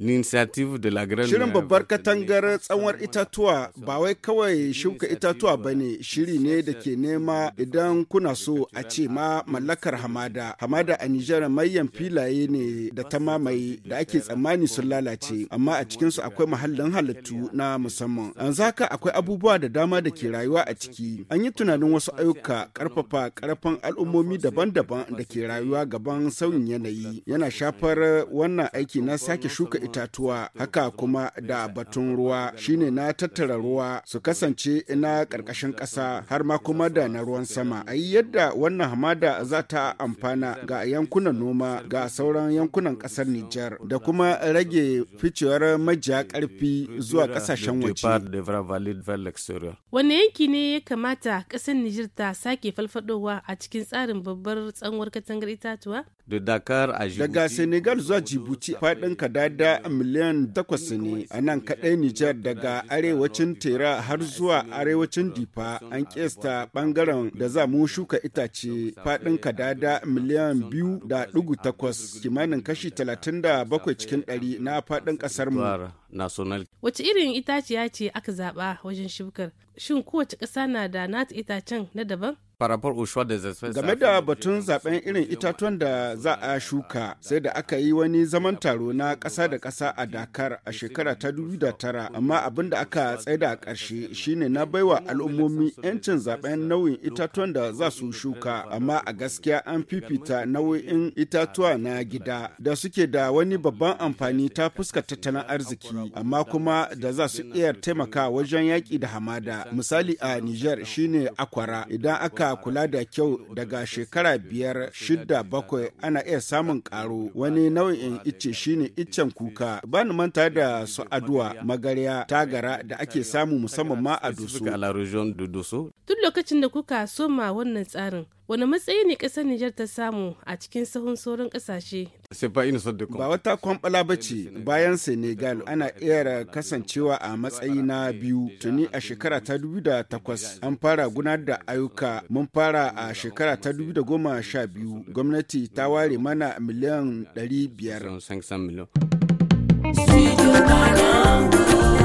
Shirin babbar katangar tsawon itatuwa ba wai kawai shuka itatuwa ba ne shiri ne da ke nema idan kuna so a ce ma mallakar hamada. Hamada a Nijar mayan filaye ne da ta mamaye da ake tsammani sun lalace amma a cikinsu akwai mahallin halittu na musamman. An zaka akwai abubuwa da dama da ke rayuwa a ciki. An yi tunanin wasu ayyuka karfafa karfan al'ummomi daban-daban da ke rayuwa gaban sauyin yanayi. Yana shafar wannan aiki na sake shuka itatuwa haka kuma da batun ruwa shine na tattara ruwa su kasance na ƙarƙashin ƙasa har ma kuma da na ruwan sama a yi yadda wannan hamada za ta amfana ga yankunan noma ga sauran yankunan ƙasar Nijar da kuma rage ficewar majiya ƙarfi zuwa ƙasashen waje. Wane yanki ne ya kamata ƙasar Nijar ta sake falfadowa a cikin tsarin babbar tsanwar katangar itatuwa? Daga Senegal zuwa jibuti faɗin kadada a miliyan takwas ne a nan kaɗai Nijar daga arewacin Tera har zuwa arewacin Difa an kesta ɓangaren da za mu shuka itace faɗin kadada miliyan biyu da ɗugu takwas kimanin kashi talatin da bakwai cikin ɗari na faɗin ƙasar mu. Wace irin itaciya ce aka zaɓa wajen shukar? Shin kowace ƙasa na da nata itacen na daban? Game da batun zaben irin itatuwan da za a shuka sai da aka yi wani zaman taro na ƙasa da ƙasa a Dakar a shekara ta da tara amma abin da aka tsaida a ƙarshe shine na baiwa al'ummomi 'yancin zaben nau'in itatuwan da za su shuka amma a gaskiya an fifita nau'in itatuwa na gida da suke da wani babban amfani ta fuskar tattalin arziki amma kuma da za su iya taimaka wajen yaƙi da hamada misali a Niger shine akwara idan aka a kula da kyau daga shekara biyar shida bakwai ana iya samun karo wani nau'in ice shine iccen kuka bani manta da su aduwa magarya tagara da ake samu musamman ma a dusu tun lokacin da kuka soma wannan tsarin wani matsayi ne ƙasar Nijar ta samu a cikin sahun sauran ƙasashe? Ba wata kwamfala ba ce bayan Senegal ana iya kasancewa a matsayi na biyu tuni a shekara ta takwas an fara gudanar da ayyuka Mun fara a shekara ta 2012 gwamnati ta ware mana miliyan 500.